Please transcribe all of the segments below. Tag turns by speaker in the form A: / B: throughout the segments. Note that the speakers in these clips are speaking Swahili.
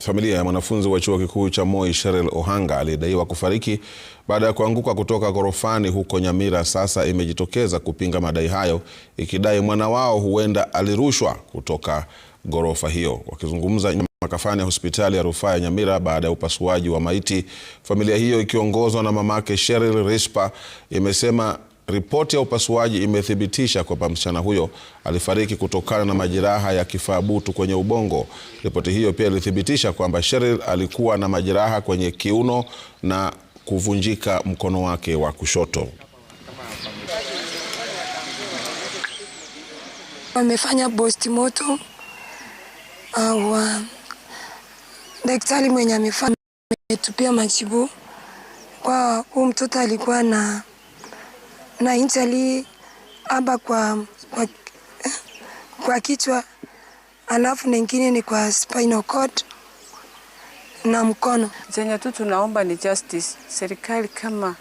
A: Familia ya mwanafunzi wa chuo kikuu cha Moi sherel Ohanga aliyedaiwa kufariki baada ya kuanguka kutoka ghorofani huko Nyamira sasa imejitokeza kupinga madai hayo ikidai mwana wao huenda alirushwa kutoka ghorofa hiyo. Wakizungumza makafani ya hospitali ya rufaa ya Nyamira baada ya upasuaji wa maiti, familia hiyo ikiongozwa na mamake sheril Rispa imesema Ripoti ya upasuaji imethibitisha kwamba msichana huyo alifariki kutokana na majeraha ya kifaa butu kwenye ubongo. Ripoti hiyo pia ilithibitisha kwamba sheril alikuwa na majeraha kwenye kiuno na kuvunjika mkono wake wa kushoto.
B: Wamefanya postmortem au um, daktari mwenye amefanya ametupia majibu kwa huyu mtoto alikuwa na na inchi aliaba kwa, kwa, kwa kichwa, alafu nyingine ni kwa spinal cord na mkono.
C: Zenye tu tunaomba ni justice. Serikali kama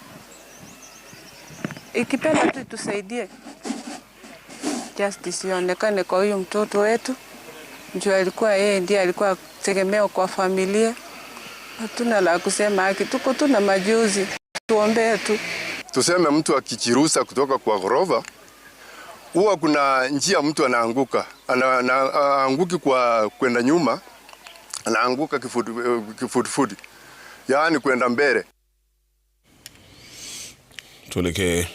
C: ikipenda tu tusaidie justice ionekane kwa huyu mtoto wetu, juu alikuwa yeye ndiye alikuwa tegemeo kwa familia. Hatuna la kusema haki, tuko tu na majuzi, tuombee tu
A: tuseme mtu akichirusa kutoka kwa ghorofa, huwa kuna njia mtu anaanguka, anaanguki kwa kwenda nyuma, anaanguka kifudifudi, yaani kwenda mbele. Tuelekee